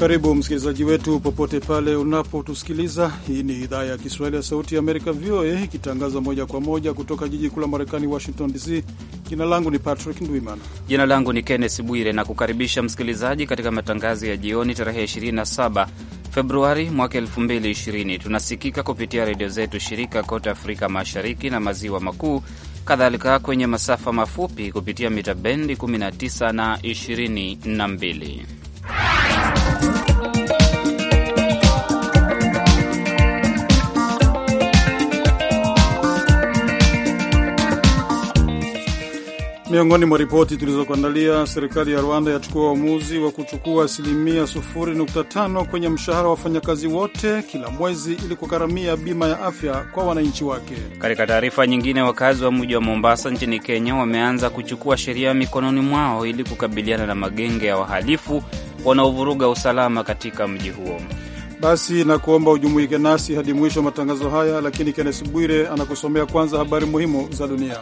Karibu msikilizaji wetu popote pale unapotusikiliza. Hii ni idhaa ya Kiswahili ya Sauti ya Amerika, VOA, ikitangaza moja kwa moja kutoka jiji kuu la Marekani, Washington DC. Jina langu ni Patrick Ndwimana. Jina langu ni Kenneth Bwire na kukaribisha msikilizaji katika matangazo ya jioni tarehe 27 Februari mwaka 2020. Tunasikika kupitia redio zetu shirika kote Afrika Mashariki na Maziwa Makuu, kadhalika kwenye masafa mafupi kupitia mita bendi 19 na 22. Miongoni mwa ripoti tulizokuandalia, serikali ya Rwanda yachukua uamuzi wa kuchukua asilimia 0.5 kwenye mshahara wa wafanyakazi wote kila mwezi ili kugharamia bima ya afya kwa wananchi wake. Katika taarifa nyingine, wakazi wa mji wa Mombasa nchini Kenya wameanza kuchukua sheria mikononi mwao ili kukabiliana na magenge ya wahalifu wanaovuruga usalama katika mji huo. Basi na kuomba ujumuike nasi hadi mwisho wa matangazo haya, lakini Kennes Bwire anakusomea kwanza habari muhimu za dunia.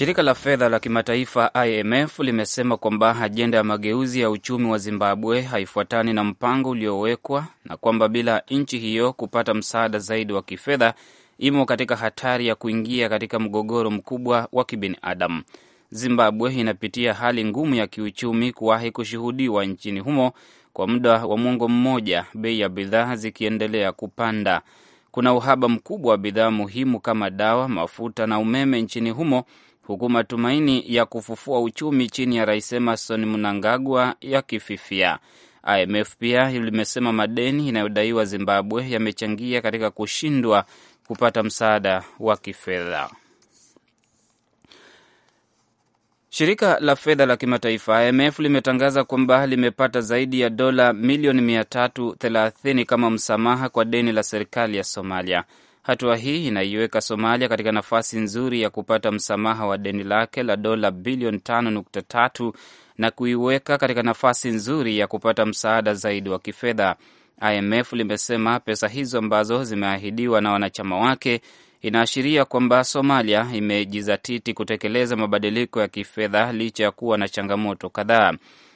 Shirika la fedha la kimataifa IMF limesema kwamba ajenda ya mageuzi ya uchumi wa Zimbabwe haifuatani na mpango uliowekwa na kwamba bila nchi hiyo kupata msaada zaidi wa kifedha imo katika hatari ya kuingia katika mgogoro mkubwa wa kibinadamu. Zimbabwe inapitia hali ngumu ya kiuchumi kuwahi kushuhudiwa nchini humo kwa muda wa mwongo mmoja, bei ya bidhaa zikiendelea kupanda. Kuna uhaba mkubwa wa bidhaa muhimu kama dawa, mafuta na umeme nchini humo huku matumaini ya kufufua uchumi chini ya Rais Emerson Mnangagwa yakififia. IMF pia limesema madeni inayodaiwa Zimbabwe yamechangia katika kushindwa kupata msaada wa kifedha. Shirika la fedha la kimataifa IMF limetangaza kwamba limepata zaidi ya dola milioni 330 kama msamaha kwa deni la serikali ya Somalia. Hatua hii inaiweka Somalia katika nafasi nzuri ya kupata msamaha wa deni lake la dola bilioni 5.3 na kuiweka katika nafasi nzuri ya kupata msaada zaidi wa kifedha. IMF limesema pesa hizo ambazo zimeahidiwa na wanachama wake inaashiria kwamba Somalia imejizatiti kutekeleza mabadiliko ya kifedha licha ya kuwa na changamoto kadhaa.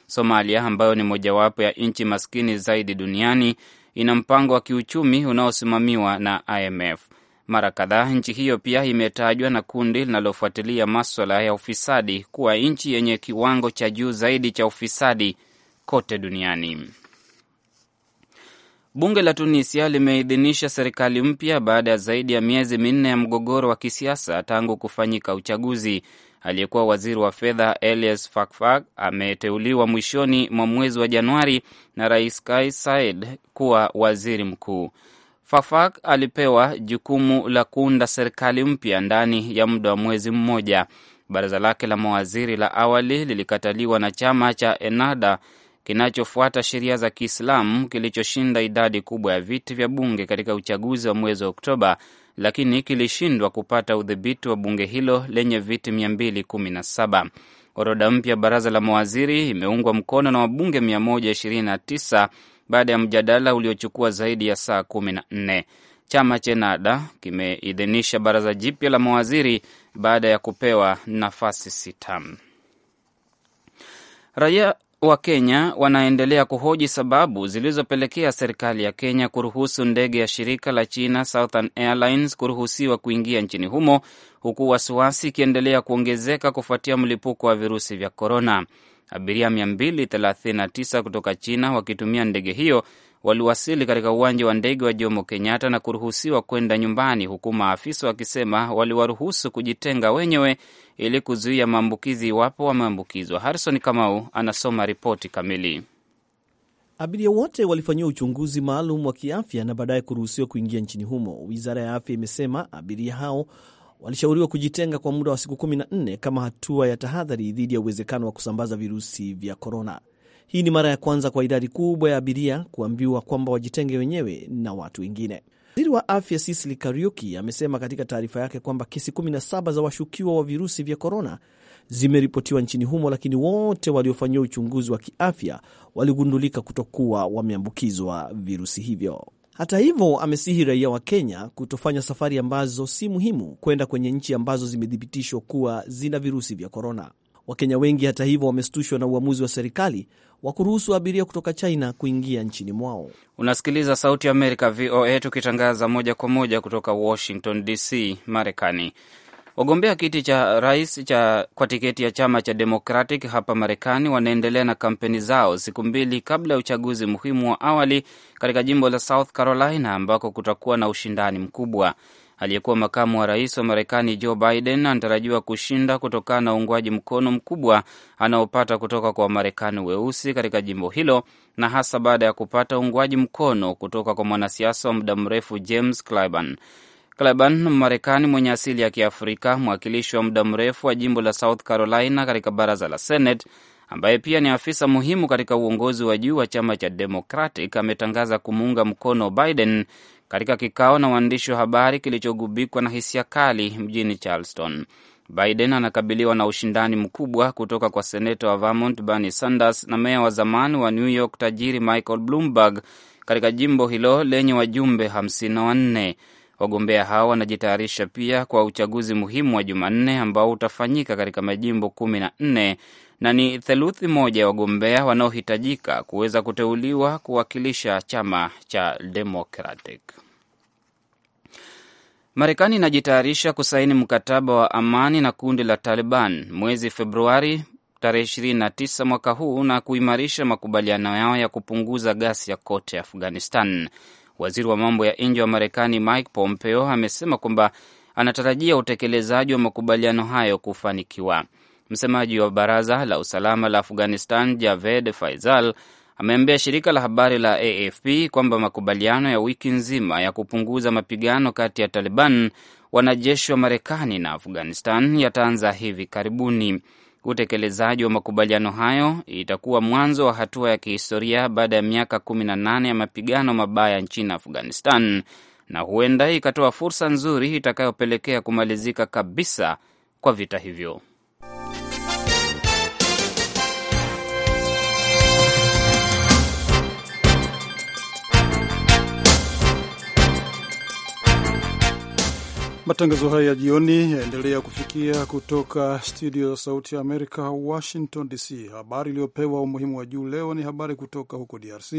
Somalia ambayo ni mojawapo ya nchi maskini zaidi duniani ina mpango wa kiuchumi unaosimamiwa na IMF. Mara kadhaa nchi hiyo pia imetajwa na kundi linalofuatilia maswala ya ufisadi kuwa nchi yenye kiwango cha juu zaidi cha ufisadi kote duniani. Bunge la Tunisia limeidhinisha serikali mpya baada ya zaidi ya miezi minne ya mgogoro wa kisiasa tangu kufanyika uchaguzi aliyekuwa waziri wa fedha Elias Fakfak ameteuliwa mwishoni mwa mwezi wa Januari na Rais Kais Saied kuwa waziri mkuu. Fakfak alipewa jukumu la kuunda serikali mpya ndani ya muda wa mwezi mmoja. Baraza lake la mawaziri la awali lilikataliwa na chama cha Ennahda kinachofuata sheria za Kiislamu kilichoshinda idadi kubwa ya viti vya bunge katika uchaguzi wa mwezi wa Oktoba lakini kilishindwa kupata udhibiti wa bunge hilo lenye viti 217. Orodha mpya ya baraza la mawaziri imeungwa mkono na wabunge 129 baada ya mjadala uliochukua zaidi ya saa 14. Chama cha NADA kimeidhinisha baraza jipya la mawaziri baada ya kupewa nafasi sita. Raia Wakenya wanaendelea kuhoji sababu zilizopelekea serikali ya Kenya kuruhusu ndege ya shirika la China Southern Airlines kuruhusiwa kuingia nchini humo, huku wasiwasi ikiendelea kuongezeka kufuatia mlipuko wa virusi vya korona. Abiria 239 kutoka China wakitumia ndege hiyo waliwasili katika uwanja wa ndege wa Jomo Kenyatta na kuruhusiwa kwenda nyumbani, huku maafisa wakisema waliwaruhusu kujitenga wenyewe ili kuzuia maambukizi iwapo wameambukizwa. Harison Kamau anasoma ripoti kamili. Abiria wote walifanyiwa uchunguzi maalum wa kiafya na baadaye kuruhusiwa kuingia nchini humo. Wizara ya afya imesema abiria hao walishauriwa kujitenga kwa muda wa siku 14 kama hatua ya tahadhari dhidi ya uwezekano wa kusambaza virusi vya korona. Hii ni mara ya kwanza kwa idadi kubwa ya abiria kuambiwa kwamba wajitenge wenyewe na watu wengine. Waziri wa afya sisili Kariuki amesema katika taarifa yake kwamba kesi 17 za washukiwa wa virusi vya korona zimeripotiwa nchini humo, lakini wote waliofanyiwa uchunguzi wa kiafya waligundulika kutokuwa wameambukizwa virusi hivyo. Hata hivyo, amesihi raia wa Kenya kutofanya safari ambazo si muhimu kwenda kwenye nchi ambazo zimethibitishwa kuwa zina virusi vya korona. Wakenya wengi hata hivyo, wamestushwa na uamuzi wa serikali wa kuruhusu abiria kutoka China kuingia nchini mwao. Unasikiliza Sauti ya Amerika, VOA, tukitangaza moja kwa moja kutoka Washington DC, Marekani. Wagombea kiti cha rais cha kwa tiketi ya chama cha Democratic hapa Marekani wanaendelea na kampeni zao siku mbili kabla ya uchaguzi muhimu wa awali katika jimbo la South Carolina ambako kutakuwa na ushindani mkubwa. Aliyekuwa makamu wa rais wa Marekani Joe Biden anatarajiwa kushinda kutokana na uungwaji mkono mkubwa anaopata kutoka kwa Wamarekani weusi katika jimbo hilo na hasa baada ya kupata uungwaji mkono kutoka kwa mwanasiasa wa muda mrefu James Clyburn. Clyburn, Mmarekani mwenye asili ya Kiafrika, mwakilishi wa muda mrefu wa jimbo la South Carolina katika baraza la Senate, ambaye pia ni afisa muhimu katika uongozi wa juu wa chama cha Democratic, ametangaza kumuunga mkono Biden katika kikao na waandishi wa habari kilichogubikwa na hisia kali mjini Charleston. Biden anakabiliwa na ushindani mkubwa kutoka kwa seneta wa Vermont Bernie Sanders na meya wa zamani wa New York tajiri Michael Bloomberg katika jimbo hilo lenye wajumbe 54. Wagombea hao wanajitayarisha pia kwa uchaguzi muhimu wa Jumanne ambao utafanyika katika majimbo nne na ni theluthi moja ya wagombea wanaohitajika kuweza kuteuliwa kuwakilisha chama cha Democratic. Marekani inajitayarisha kusaini mkataba wa amani na kundi la Taliban mwezi Februari tarehe 29 mwaka huu na kuimarisha makubaliano yao ya kupunguza ghasia kote Afghanistan. Waziri wa mambo ya nje wa Marekani Mike Pompeo amesema kwamba anatarajia utekelezaji wa makubaliano hayo kufanikiwa. Msemaji wa baraza la usalama la Afghanistan, Javed Faizal, ameambia shirika la habari la AFP kwamba makubaliano ya wiki nzima ya kupunguza mapigano kati ya Taliban, wanajeshi wa Marekani na Afghanistan yataanza hivi karibuni. Utekelezaji wa makubaliano hayo itakuwa mwanzo wa hatua ya kihistoria baada ya miaka 18 ya mapigano mabaya nchini Afghanistan, na huenda ikatoa fursa nzuri itakayopelekea kumalizika kabisa kwa vita hivyo. Matangazo haya ya jioni yaendelea kufikia kutoka studio za Sauti ya Amerika, Washington DC. Habari iliyopewa umuhimu wa juu leo ni habari kutoka huko DRC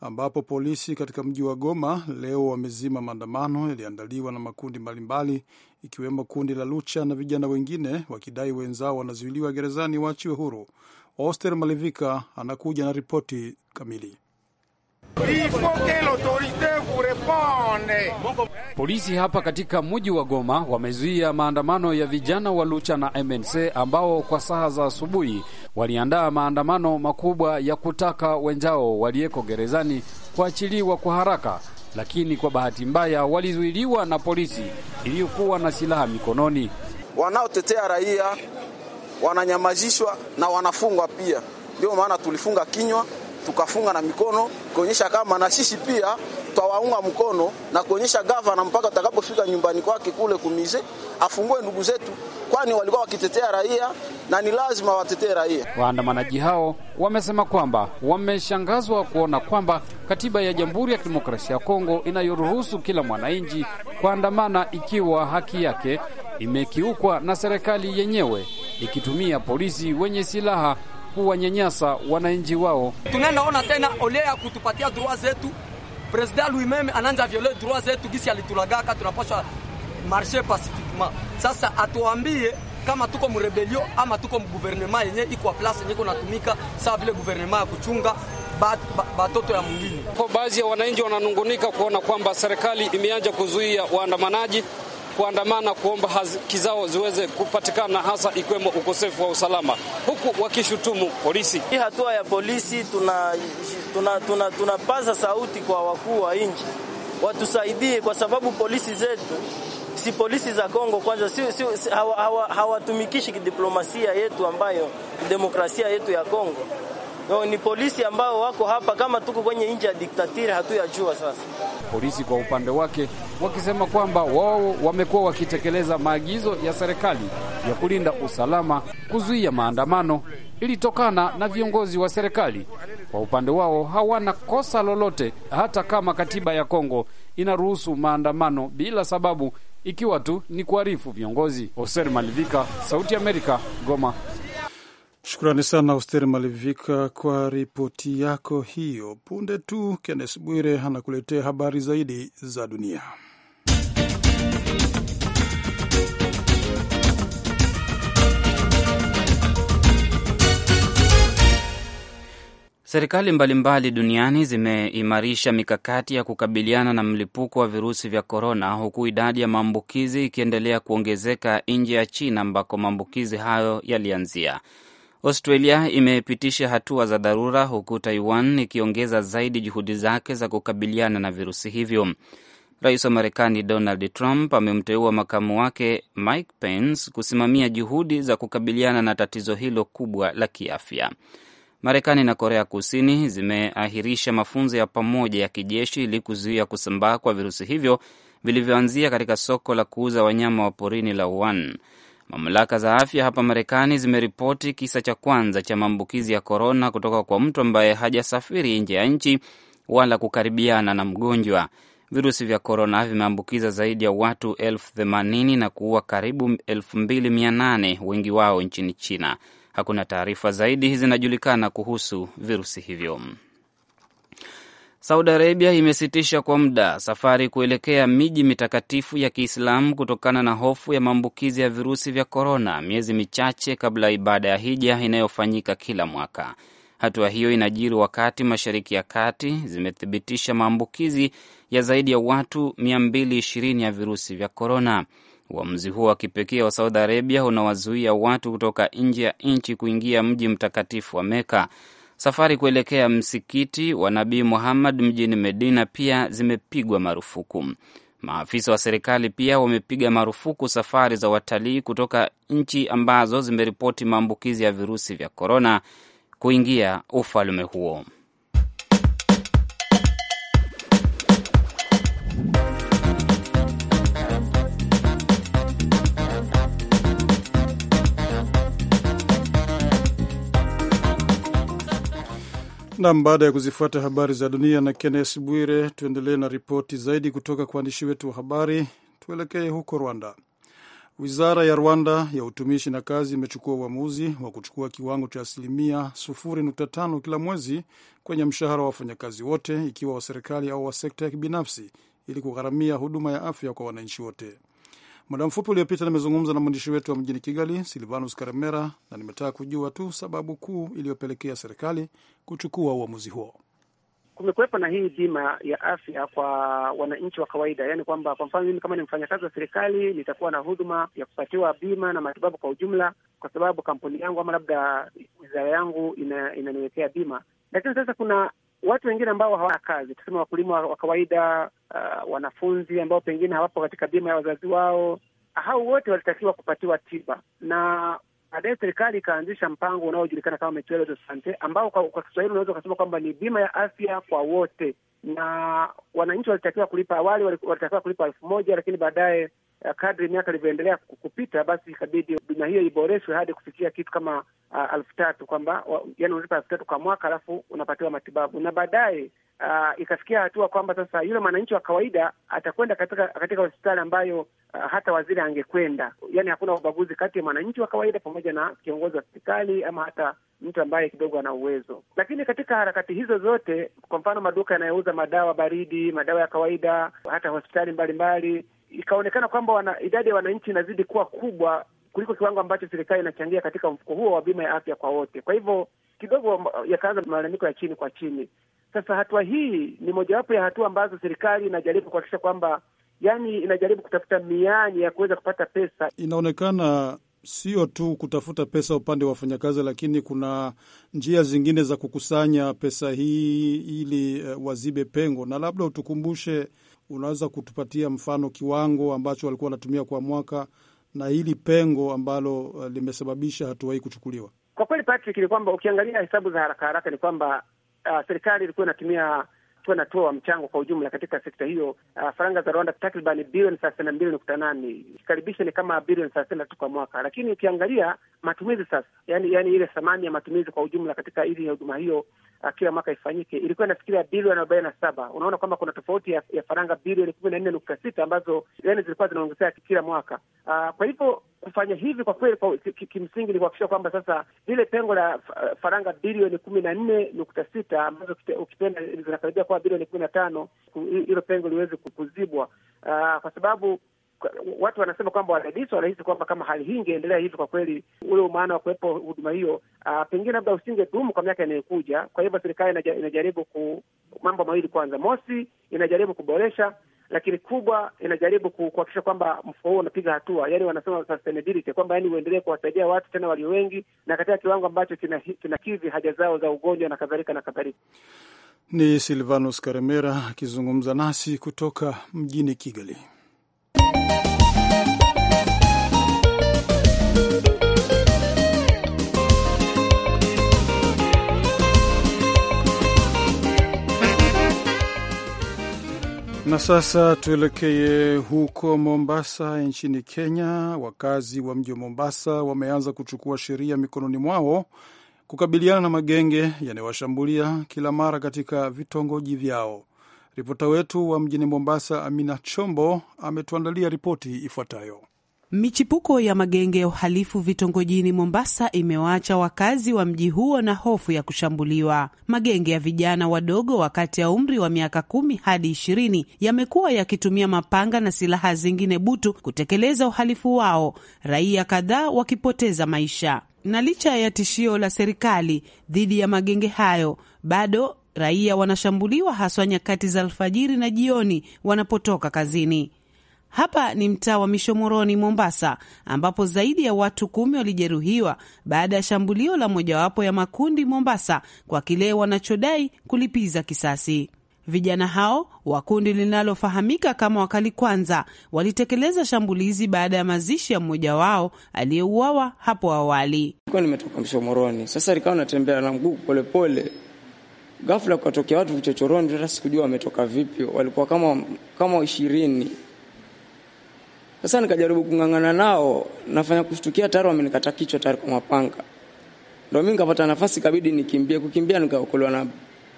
ambapo polisi katika mji wa Goma leo wamezima maandamano yaliyoandaliwa na makundi mbalimbali ikiwemo kundi la Lucha na vijana wengine wakidai wenzao wanazuiliwa gerezani waachiwe huru. Oster Malivika anakuja na ripoti kamili. Polisi hapa katika mji wa Goma wamezuia maandamano ya vijana wa Lucha na MNC ambao kwa saa za asubuhi waliandaa maandamano makubwa ya kutaka wenzao waliyeko gerezani kuachiliwa kwa haraka, lakini kwa bahati mbaya walizuiliwa na polisi iliyokuwa na silaha mikononi. Wanaotetea raia wananyamazishwa na wanafungwa pia, ndio maana tulifunga kinywa tukafunga na mikono kuonyesha kama na sisi pia twawaunga mkono na kuonyesha gavana mpaka utakapofika nyumbani kwake kule kumize afungue ndugu zetu, kwani walikuwa wakitetea raia na ni lazima watetee raia. Waandamanaji hao wamesema kwamba wameshangazwa kuona kwamba katiba ya Jamhuri ya Kidemokrasia ya Kongo inayoruhusu kila mwananchi kuandamana ikiwa haki yake imekiukwa na serikali yenyewe ikitumia polisi wenye silaha kuwanyanyasa wananchi wao. Tunaendaona tena ole ya kutupatia droit zetu, president lui-meme ananja viole droit zetu gisi alitulagaka, tunapaswa marshe pacifiquement. Sasa atuambie kama tuko mrebelio ama tuko mguvernema yenye iko place yenye kunatumika sawa vile guvernema ya kuchunga batoto ya mwingine. Baadhi ya wananchi wananungunika kuona kwamba serikali imeanja kuzuia waandamanaji kuandamana kuomba haki zao ziweze kupatikana, hasa ikiwemo ukosefu wa usalama, huku wakishutumu polisi. Hii hatua ya polisi, tunapaza tuna, tuna, tuna, tuna sauti kwa wakuu wa nchi watusaidie, kwa sababu polisi zetu si polisi za Kongo kwanza, si, si, hawatumikishi hawa, hawa kidiplomasia yetu ambayo demokrasia yetu ya Kongo No, ni polisi ambao wako hapa kama tuko kwenye nchi ya diktatiri hatuyajua. Sasa polisi kwa upande wake wakisema kwamba wao wamekuwa wakitekeleza maagizo ya serikali ya kulinda usalama, kuzuia maandamano ilitokana na viongozi wa serikali. Kwa upande wao hawana kosa lolote, hata kama katiba ya Kongo inaruhusu maandamano bila sababu, ikiwa tu ni kuarifu viongozi. Hoser Malivika, Sauti ya Amerika, Goma. Shukrani sana Hosteri Malivika kwa ripoti yako hiyo. Punde tu Kennes Bwire anakuletea habari zaidi za dunia. Serikali mbalimbali duniani zimeimarisha mikakati ya kukabiliana na mlipuko wa virusi vya korona, huku idadi ya maambukizi ikiendelea kuongezeka nje ya China ambako maambukizi hayo yalianzia. Australia imepitisha hatua za dharura huku Taiwan ikiongeza zaidi juhudi zake za kukabiliana na virusi hivyo. Rais wa Marekani Donald Trump amemteua makamu wake Mike Pence kusimamia juhudi za kukabiliana na tatizo hilo kubwa la kiafya. Marekani na Korea Kusini zimeahirisha mafunzo ya pamoja ya kijeshi ili kuzuia kusambaa kwa virusi hivyo vilivyoanzia katika soko la kuuza wanyama wa porini la Wuhan. Mamlaka za afya hapa Marekani zimeripoti kisa cha kwanza cha maambukizi ya korona kutoka kwa mtu ambaye hajasafiri nje ya nchi wala kukaribiana na mgonjwa. Virusi vya korona vimeambukiza zaidi ya watu elfu themanini na kuua karibu elfu mbili mia nane wengi wao nchini China. Hakuna taarifa zaidi zinajulikana kuhusu virusi hivyo. Saudi Arabia imesitisha kwa muda safari kuelekea miji mitakatifu ya Kiislamu kutokana na hofu ya maambukizi ya virusi vya korona, miezi michache kabla ya ibada ya hija inayofanyika kila mwaka. Hatua hiyo inajiri wakati Mashariki ya Kati zimethibitisha maambukizi ya zaidi ya watu 220 ya virusi vya korona. Uamuzi huo wa kipekee wa Saudi Arabia unawazuia watu kutoka nje ya nchi kuingia mji mtakatifu wa Meka. Safari kuelekea msikiti wa Nabii Muhammad mjini Medina pia zimepigwa marufuku. Maafisa wa serikali pia wamepiga marufuku safari za watalii kutoka nchi ambazo zimeripoti maambukizi ya virusi vya korona kuingia ufalme huo. Nam, baada ya kuzifuata habari za dunia na Kennes Bwire, tuendelee na ripoti zaidi kutoka kwa waandishi wetu wa habari. Tuelekee huko Rwanda. Wizara ya Rwanda ya utumishi na kazi imechukua uamuzi wa kuchukua kiwango cha asilimia 0.5 kila mwezi kwenye mshahara wa wafanyakazi wote, ikiwa wa serikali au wa sekta ya kibinafsi, ili kugharamia huduma ya afya kwa wananchi wote. Muda mfupi uliopita nimezungumza na mwandishi wetu wa mjini Kigali, Silvanus Karemera, na nimetaka kujua tu sababu kuu iliyopelekea serikali kuchukua uamuzi huo. Kumekuwepo na hii bima ya afya kwa wananchi wa kawaida, yaani kwamba kwa mfano mimi kama ni mfanyakazi wa serikali nitakuwa na huduma ya kupatiwa bima na matibabu kwa ujumla, kwa sababu kampuni yangu ama labda wizara yangu ina, inaniwekea bima. Lakini sasa kuna watu wengine ambao hawana kazi, tuseme wakulima wa kawaida, uh, wanafunzi ambao pengine hawapo katika bima ya wazazi wao, hao wote walitakiwa kupatiwa tiba na baadaye serikali ikaanzisha mpango unaojulikana kama Mutuelle de Sante ambao kwa, kwa Kiswahili unaweza ukasema kwamba ni bima ya afya kwa wote, na wananchi walitakiwa kulipa awali, walitakiwa kulipa elfu moja lakini baadaye Eh, kadri miaka ilivyoendelea kupita, basi ikabidi bima hiyo iboreshwe hadi kufikia kitu kama uh, elfu tatu kwamba yani unalipa elfu tatu kwa mwaka, alafu unapatiwa matibabu na baadaye Uh, ikafikia hatua kwamba sasa yule mwananchi wa kawaida atakwenda katika katika hospitali ambayo uh, hata waziri angekwenda, Yani hakuna ubaguzi kati ya mwananchi wa kawaida pamoja na kiongozi wa serikali ama hata mtu ambaye kidogo ana uwezo. Lakini katika harakati hizo zote, kwa mfano maduka yanayouza madawa baridi, madawa ya kawaida, hata hospitali mbalimbali ikaonekana kwamba wana, idadi ya wananchi inazidi kuwa kubwa kuliko kiwango ambacho serikali inachangia katika mfuko huo wa bima ya afya kwa wote. Kwa hivyo kidogo yakaanza malalamiko ya chini kwa chini. Sasa hatua hii ni mojawapo ya hatua ambazo serikali inajaribu kuhakikisha kwamba, yani, inajaribu kutafuta mianya ya kuweza kupata pesa. Inaonekana sio tu kutafuta pesa upande wa wafanyakazi, lakini kuna njia zingine za kukusanya pesa hii ili eh, wazibe pengo, na labda utukumbushe unaweza kutupatia mfano kiwango ambacho walikuwa wanatumia kwa mwaka na hili pengo ambalo uh, limesababisha hatua hii kuchukuliwa? Kwa kweli Patrick, ni kwamba ukiangalia hesabu za haraka haraka ni kwamba uh, serikali ilikuwa inatumia ikiwa inatoa mchango kwa ujumla katika sekta hiyo uh, faranga za Rwanda takriban bilioni thelathini na mbili nukta nane ikikaribisha ni kama bilioni thelathini na tatu kwa mwaka, lakini ukiangalia matumizi sasa, yani, yani ile thamani ya matumizi kwa ujumla katika ili ya huduma hiyo uh, kila mwaka ifanyike ilikuwa nafikiria bilioni arobaini na saba. Unaona kwamba kuna tofauti ya, ya faranga bilioni kumi na nne nukta sita ambazo yani zilikuwa zinaongezea kila mwaka. Aa, uh, kwa hivyo kufanya hivi kwa kweli kimsingi ni kuhakikisha kwamba sasa lile pengo la uh, faranga bilioni kumi na nne nukta sita ambazo ukipenda zinakaribia kuwa bilioni kumi na tano hilo pengo liweze kuzibwa, kwa sababu watu wanasema kwamba wadadisi wanahisi kwamba kama hali hii ingeendelea hivi, kwa kweli ule umaana wa kuwepo huduma hiyo ah, pengine labda usingedumu kwa miaka inayokuja. Kwa hivyo serikali inajaribu ku mambo mawili, kwanza mosi, inajaribu kuboresha lakini kubwa inajaribu kuhakikisha kwamba mfuko huo unapiga hatua, yani wanasema sustainability, kwamba yani uendelee kuwasaidia watu tena walio wengi na katika kiwango ambacho kinakidhi haja zao za ugonjwa na kadhalika na kadhalika. Ni Silvanus Karemera akizungumza nasi kutoka mjini Kigali. Na sasa tuelekee huko Mombasa nchini Kenya. Wakazi wa mji wa Mombasa wameanza kuchukua sheria mikononi mwao kukabiliana na magenge yanayowashambulia kila mara katika vitongoji vyao. Ripota wetu wa mjini Mombasa, Amina Chombo, ametuandalia ripoti ifuatayo. Michipuko ya magenge ya uhalifu vitongojini Mombasa imewaacha wakazi wa mji huo na hofu ya kushambuliwa. Magenge ya vijana wadogo wa kati ya umri wa miaka kumi hadi ishirini yamekuwa yakitumia mapanga na silaha zingine butu kutekeleza uhalifu wao, raia kadhaa wakipoteza maisha. Na licha ya tishio la serikali dhidi ya magenge hayo, bado raia wanashambuliwa, haswa nyakati za alfajiri na jioni wanapotoka kazini. Hapa ni mtaa wa Mishomoroni, Mombasa, ambapo zaidi ya watu kumi walijeruhiwa baada ya shambulio la mojawapo ya makundi Mombasa kwa kile wanachodai kulipiza kisasi. Vijana hao wa kundi linalofahamika kama Wakali Kwanza walitekeleza shambulizi baada ya mazishi ya mmoja wao aliyeuawa hapo awali. Nimetoka Mshomoroni, sasa nikawa natembea na mguu polepole, ghafla kukatokea watu vichochoroni, hata sikujua wametoka vipi. Walikuwa kama kama ishirini sasa nikajaribu kung'ang'ana nao, nafanya kushtukia tayari wamenikata kichwa tayari kwa mapanga. Ndio mimi nikapata nafasi kabidi nikimbie, kukimbia nikaokolewa na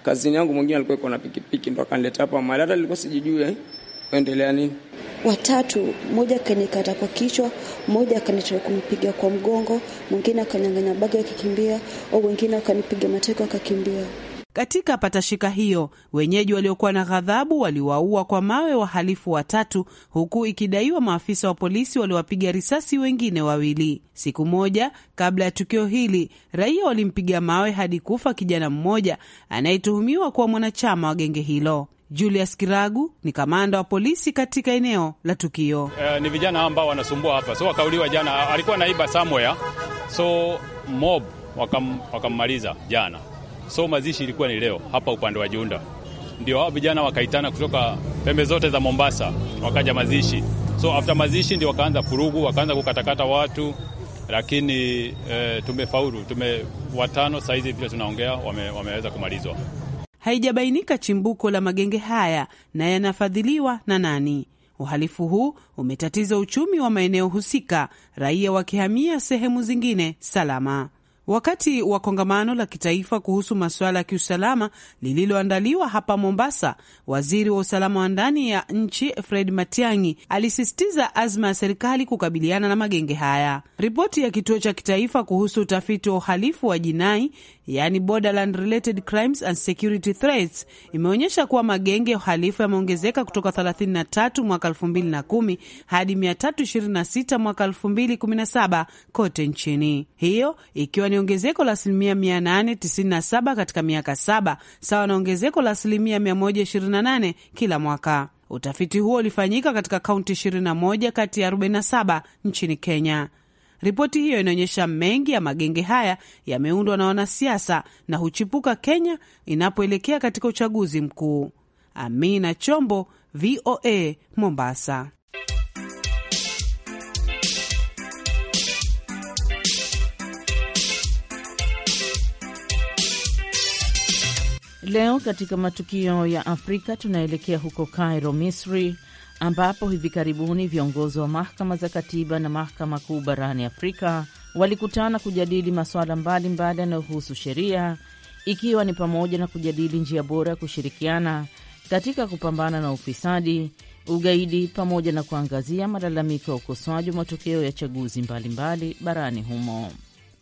kazini yangu mwingine alikuwa yuko na pikipiki ndo akanileta hapa mahali hata nilikuwa sijijui eh, kuendelea nini. Watatu, mmoja akanikata kwa kichwa, mmoja akanitoa kumpiga kwa mgongo, mwingine akanyang'anya bagi akakimbia, au wengine akanipiga mateko akakimbia. Katika patashika hiyo, wenyeji waliokuwa na ghadhabu waliwaua kwa mawe wahalifu watatu, huku ikidaiwa maafisa wa polisi waliwapiga risasi wengine wawili. Siku moja kabla ya tukio hili, raia walimpiga mawe hadi kufa kijana mmoja anayetuhumiwa kuwa mwanachama wa genge hilo. Julius Kiragu ni kamanda wa polisi katika eneo la tukio. Eh, ni vijana ambao wanasumbua hapa, so wakauliwa jana, alikuwa naiba somewhere, so mob wakammaliza jana So mazishi ilikuwa ni leo hapa upande wa Junda, ndio hao vijana wakaitana kutoka pembe zote za Mombasa, wakaja mazishi. So after mazishi ndio wakaanza kurugu, wakaanza kukatakata watu, lakini e, tumefaulu, tume watano sahizi vile tunaongea wame, wameweza kumalizwa. Haijabainika chimbuko la magenge haya na yanafadhiliwa na nani. Uhalifu huu umetatiza uchumi wa maeneo husika, raia wakihamia sehemu zingine salama. Wakati wa kongamano la kitaifa kuhusu masuala ya kiusalama lililoandaliwa hapa Mombasa, waziri wa usalama wa ndani ya nchi Fred Matiang'i alisisitiza azma ya serikali kukabiliana na magenge haya. Ripoti ya kituo cha kitaifa kuhusu utafiti wa uhalifu wa jinai, yaani Borderland Related Crimes and Security Threats, imeonyesha kuwa magenge ya uhalifu yameongezeka kutoka 33 mwaka 2010 hadi 326 mwaka 2017 kote nchini, hiyo ikiwa ni ongezeko la asilimia 897 katika miaka saba, sawa na ongezeko la asilimia 128 kila mwaka. Utafiti huo ulifanyika katika kaunti 21 kati ya 47 nchini Kenya. Ripoti hiyo inaonyesha mengi ya magenge haya yameundwa na wanasiasa na huchipuka Kenya inapoelekea katika uchaguzi mkuu. Amina Chombo, VOA, Mombasa. Leo katika matukio ya Afrika tunaelekea huko Cairo, Misri, ambapo hivi karibuni viongozi wa mahakama za katiba na mahakama kuu barani Afrika walikutana kujadili masuala mbalimbali yanayohusu sheria, ikiwa ni pamoja na kujadili njia bora ya kushirikiana katika kupambana na ufisadi, ugaidi, pamoja na kuangazia malalamiko ya ukosoaji wa matokeo ya chaguzi mbalimbali mbali barani humo.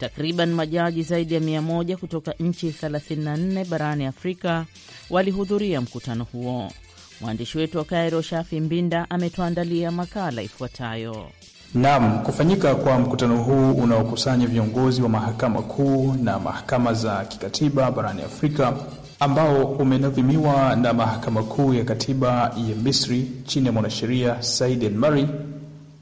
Takriban majaji zaidi ya 100 kutoka nchi 34 barani Afrika walihudhuria mkutano huo. Mwandishi wetu wa Kairo, Shafi Mbinda, ametuandalia makala ifuatayo. Naam, kufanyika kwa mkutano huu unaokusanya viongozi wa mahakama kuu na mahakama za kikatiba barani Afrika ambao umenadhimiwa na mahakama kuu ya katiba ya Misri chini ya mwanasheria Said El Mari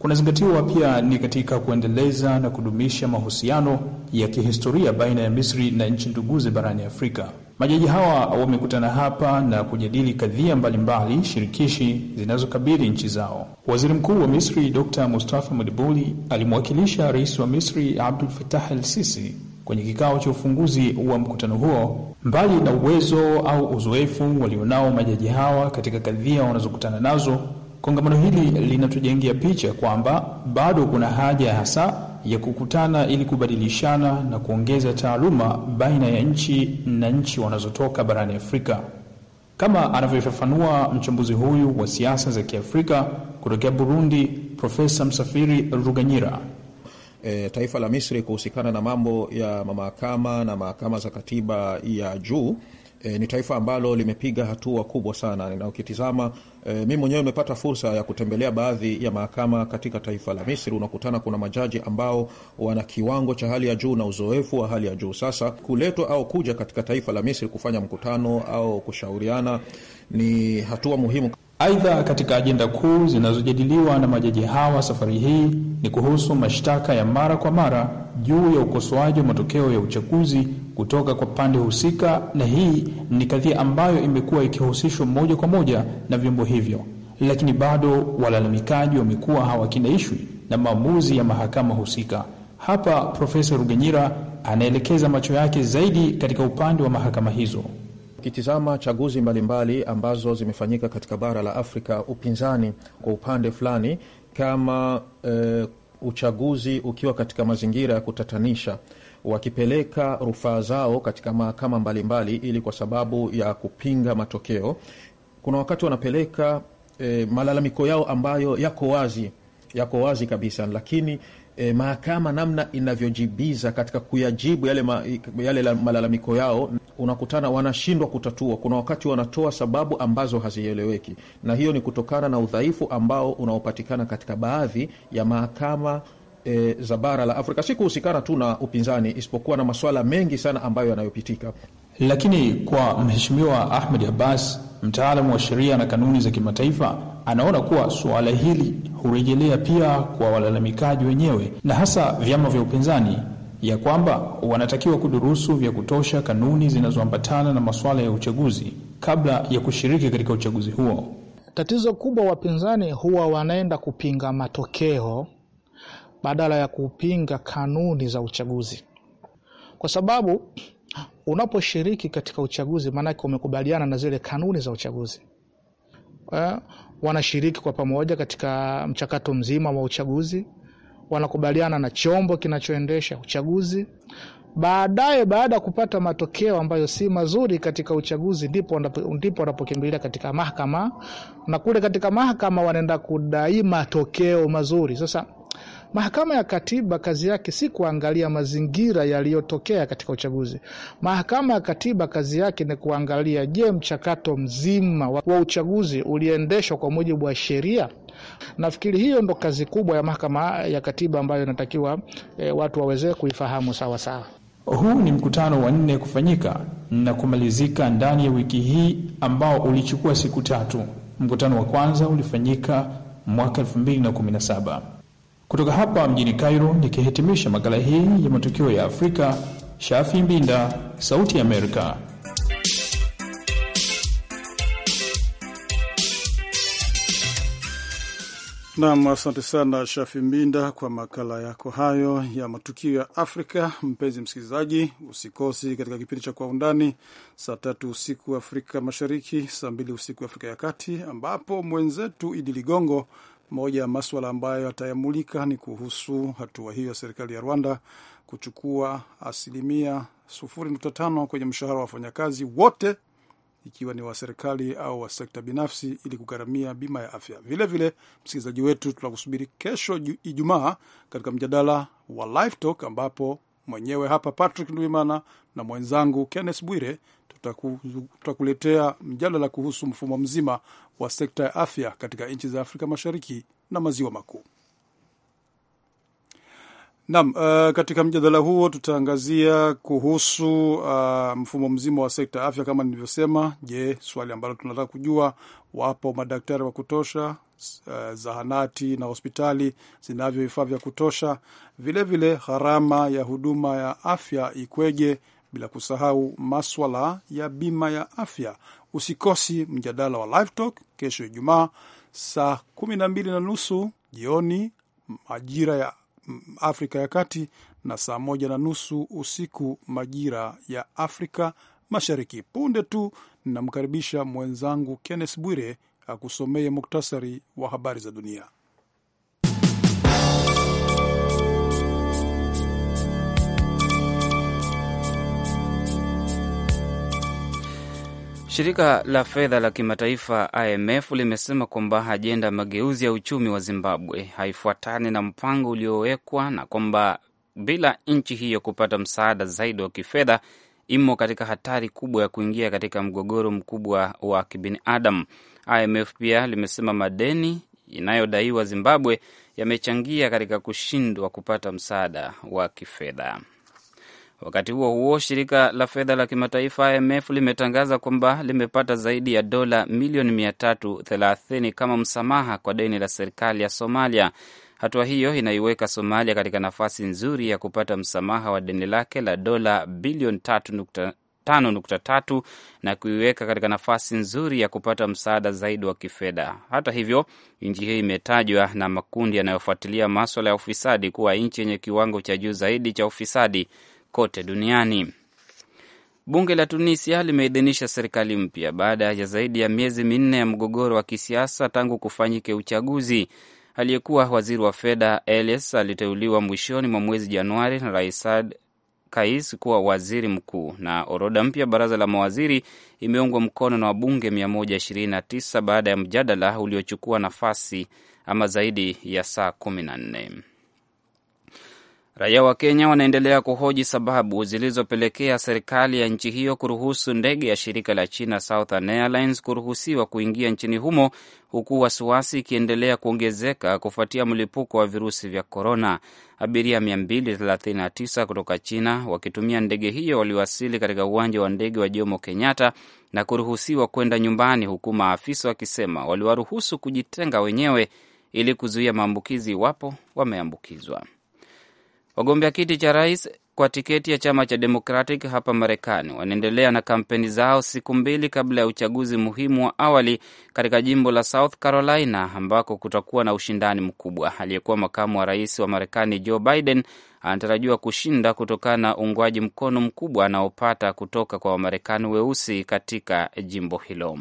kunazingatiwa pia ni katika kuendeleza na kudumisha mahusiano ya kihistoria baina ya Misri na nchi nduguze barani Afrika. Majaji hawa wamekutana hapa na kujadili kadhia mbalimbali shirikishi zinazokabili nchi zao. Waziri Mkuu wa Misri Dr. Mustafa Madibuli alimwakilisha Rais wa Misri Abdul Fattah al-Sisi kwenye kikao cha ufunguzi wa mkutano huo. Mbali na uwezo au uzoefu walionao majaji hawa katika kadhia wanazokutana nazo Kongamano hili linatujengea picha kwamba bado kuna haja hasa ya kukutana ili kubadilishana na kuongeza taaluma baina ya nchi na nchi wanazotoka barani Afrika, kama anavyofafanua mchambuzi huyu wa siasa za Kiafrika kutokea Burundi, Profesa Msafiri Ruganyira. E, taifa la Misri kuhusikana na mambo ya mahakama na mahakama za katiba ya juu e, ni taifa ambalo limepiga hatua kubwa sana na ukitizama e, mi mwenyewe umepata fursa ya kutembelea baadhi ya mahakama katika taifa la Misri. Unakutana kuna majaji ambao wana kiwango cha hali ya juu na uzoefu wa hali ya juu. Sasa kuletwa au kuja katika taifa la Misri kufanya mkutano au kushauriana ni hatua muhimu. Aidha, katika ajenda kuu zinazojadiliwa na majaji hawa safari hii ni kuhusu mashtaka ya mara kwa mara juu ya ukosoaji wa matokeo ya uchaguzi kutoka kwa pande husika, na hii ni kadhia ambayo imekuwa ikihusishwa moja kwa moja na vyombo hivyo, lakini bado walalamikaji wamekuwa hawakinaishwi na maamuzi ya mahakama husika. Hapa Profesa Rugenyira anaelekeza macho yake zaidi katika upande wa mahakama hizo. Ukitizama chaguzi mbalimbali mbali ambazo zimefanyika katika bara la Afrika, upinzani kwa upande fulani kama eh, uchaguzi ukiwa katika mazingira ya kutatanisha, wakipeleka rufaa zao katika mahakama mbalimbali ili kwa sababu ya kupinga matokeo. Kuna wakati wanapeleka e, malalamiko yao ambayo yako wazi yako wazi kabisa, lakini E, mahakama namna inavyojibiza katika kuyajibu yale, ma, yale malalamiko yao, unakutana wanashindwa kutatua. Kuna wakati wanatoa sababu ambazo hazieleweki, na hiyo ni kutokana na udhaifu ambao unaopatikana katika baadhi ya mahakama e, za bara la Afrika, si kuhusikana tu na upinzani, isipokuwa na masuala mengi sana ambayo yanayopitika. Lakini kwa Mheshimiwa Ahmed Abbas, mtaalamu wa sheria na kanuni za kimataifa anaona kuwa suala hili hurejelea pia kwa walalamikaji wenyewe na hasa vyama vya upinzani ya kwamba wanatakiwa kudurusu vya kutosha kanuni zinazoambatana na masuala ya uchaguzi kabla ya kushiriki katika uchaguzi huo. Tatizo kubwa, wapinzani huwa wanaenda kupinga matokeo badala ya kupinga kanuni za uchaguzi, kwa sababu unaposhiriki katika uchaguzi, maanake umekubaliana na zile kanuni za uchaguzi eh, wanashiriki kwa pamoja katika mchakato mzima wa uchaguzi, wanakubaliana na chombo kinachoendesha uchaguzi. Baadaye, baada ya kupata matokeo ambayo si mazuri katika uchaguzi, ndipo ndipo wanapokimbilia katika mahakama, na kule katika mahakama wanaenda kudai matokeo mazuri. Sasa Mahakama ya Katiba kazi yake si kuangalia mazingira yaliyotokea katika uchaguzi. Mahakama ya Katiba kazi yake ni kuangalia, je, mchakato mzima wa uchaguzi uliendeshwa kwa mujibu wa sheria? Nafikiri hiyo ndo kazi kubwa ya Mahakama ya Katiba ambayo inatakiwa e, watu waweze kuifahamu sawa sawa. Huu ni mkutano wa nne kufanyika na kumalizika ndani ya wiki hii ambao ulichukua siku tatu. Mkutano wa kwanza ulifanyika mwaka 217 kutoka hapa mjini Cairo, nikihitimisha makala hii ya matukio ya Afrika, Shafi Mbinda, Sauti ya Amerika. Nam, asante sana Shafi Mbinda kwa makala yako hayo ya matukio ya Afrika. Mpenzi msikilizaji, usikosi katika kipindi cha Kwa Undani saa tatu usiku Afrika Mashariki, saa mbili usiku Afrika ya Kati, ambapo mwenzetu Idi Ligongo moja ya maswala ambayo atayamulika ni kuhusu hatua hiyo ya serikali ya Rwanda kuchukua asilimia 0.5 kwenye mshahara wa wafanyakazi wote ikiwa ni wa serikali au wa sekta binafsi ili kugharamia bima ya afya. Vilevile, msikilizaji wetu, tunakusubiri kesho Ijumaa katika mjadala wa Live Talk ambapo mwenyewe hapa Patrick Ndwimana na mwenzangu Kenneth Bwire tutakuletea mjadala kuhusu mfumo mzima wa sekta ya afya katika nchi za Afrika Mashariki na Maziwa Makuu. Naam, uh, katika mjadala huo tutaangazia kuhusu uh, mfumo mzima wa sekta ya afya kama nilivyosema. Je, swali ambalo tunataka kujua, wapo madaktari wa kutosha? Uh, zahanati na hospitali zinavyo vifaa vya kutosha? Vilevile, gharama ya huduma ya afya ikweje? bila kusahau maswala ya bima ya afya. Usikosi mjadala wa Live Talk kesho Ijumaa saa kumi na mbili na nusu jioni majira ya Afrika ya Kati na saa moja na nusu usiku majira ya Afrika Mashariki. Punde tu namkaribisha mwenzangu Kenneth Bwire akusomee muktasari wa habari za dunia. Shirika la fedha la kimataifa IMF limesema kwamba ajenda ya mageuzi ya uchumi wa Zimbabwe haifuatani na mpango uliowekwa na kwamba bila nchi hiyo kupata msaada zaidi wa kifedha imo katika hatari kubwa ya kuingia katika mgogoro mkubwa wa kibinadamu. IMF pia limesema madeni inayodaiwa Zimbabwe yamechangia katika kushindwa kupata msaada wa kifedha. Wakati huo huo, shirika la fedha la kimataifa IMF limetangaza kwamba limepata zaidi ya dola milioni 330 kama msamaha kwa deni la serikali ya Somalia. Hatua hiyo inaiweka Somalia katika nafasi nzuri ya kupata msamaha wa deni lake la dola bilioni 5.3 na kuiweka katika nafasi nzuri ya kupata msaada zaidi wa kifedha. Hata hivyo, nchi hiyo imetajwa na makundi yanayofuatilia maswala ya ufisadi kuwa nchi yenye kiwango cha juu zaidi cha ufisadi kote duniani. Bunge la Tunisia limeidhinisha serikali mpya baada ya zaidi ya miezi minne ya mgogoro wa kisiasa tangu kufanyike uchaguzi. Aliyekuwa waziri wa fedha Elies aliteuliwa mwishoni mwa mwezi Januari na Rais Saad Kais kuwa waziri mkuu, na orodha mpya baraza la mawaziri imeungwa mkono na wabunge 129 baada ya mjadala uliochukua nafasi ama zaidi ya saa 1nne Raia wa Kenya wanaendelea kuhoji sababu zilizopelekea serikali ya nchi hiyo kuruhusu ndege ya shirika la China Southern Airlines kuruhusiwa kuingia nchini humo, huku wasiwasi ikiendelea kuongezeka kufuatia mlipuko wa virusi vya korona. Abiria 239 kutoka China wakitumia ndege hiyo waliwasili katika uwanja wa ndege wa Jomo Kenyatta na kuruhusiwa kwenda nyumbani, huku maafisa wakisema waliwaruhusu kujitenga wenyewe ili kuzuia maambukizi iwapo wameambukizwa. Wagombea kiti cha rais kwa tiketi ya chama cha Democratic hapa Marekani wanaendelea na kampeni zao siku mbili kabla ya uchaguzi muhimu wa awali katika jimbo la South Carolina ambako kutakuwa na ushindani mkubwa. Aliyekuwa makamu wa rais wa Marekani Joe Biden anatarajiwa kushinda kutokana na uungwaji mkono mkubwa anaopata kutoka kwa Wamarekani weusi katika jimbo hilo.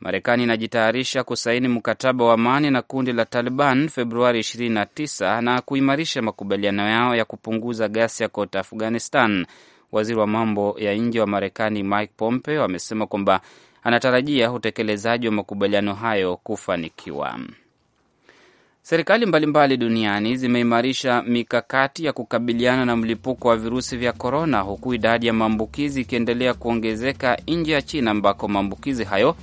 Marekani inajitayarisha kusaini mkataba wa amani na kundi la Taliban Februari 29 na kuimarisha makubaliano yao ya kupunguza ghasia kote Afghanistan. Waziri wa mambo ya nje wa Marekani Mike Pompeo amesema kwamba anatarajia utekelezaji wa makubaliano hayo kufanikiwa. Serikali mbalimbali duniani zimeimarisha mikakati ya kukabiliana na mlipuko wa virusi vya korona, huku idadi ya maambukizi ikiendelea kuongezeka nje ya China ambako maambukizi hayo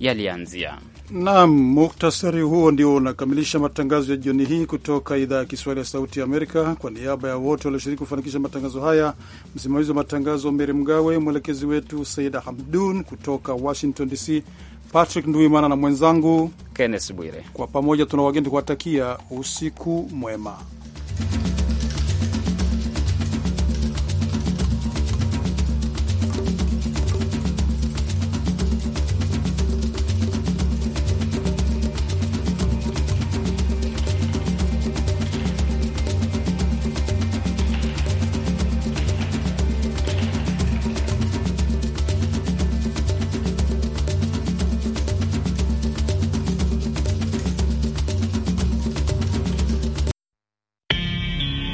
yalianzia. Naam, muktasari huo ndio unakamilisha matangazo ya jioni hii kutoka idhaa ya Kiswahili ya Sauti ya Amerika. Kwa niaba ya wote walioshiriki kufanikisha matangazo haya, msimamizi wa matangazo Meri Mgawe, mwelekezi wetu Saida Hamdun kutoka Washington DC, Patrick Nduimana na mwenzangu Kenneth Bwire, kwa pamoja tuna wagendi kuwatakia usiku mwema.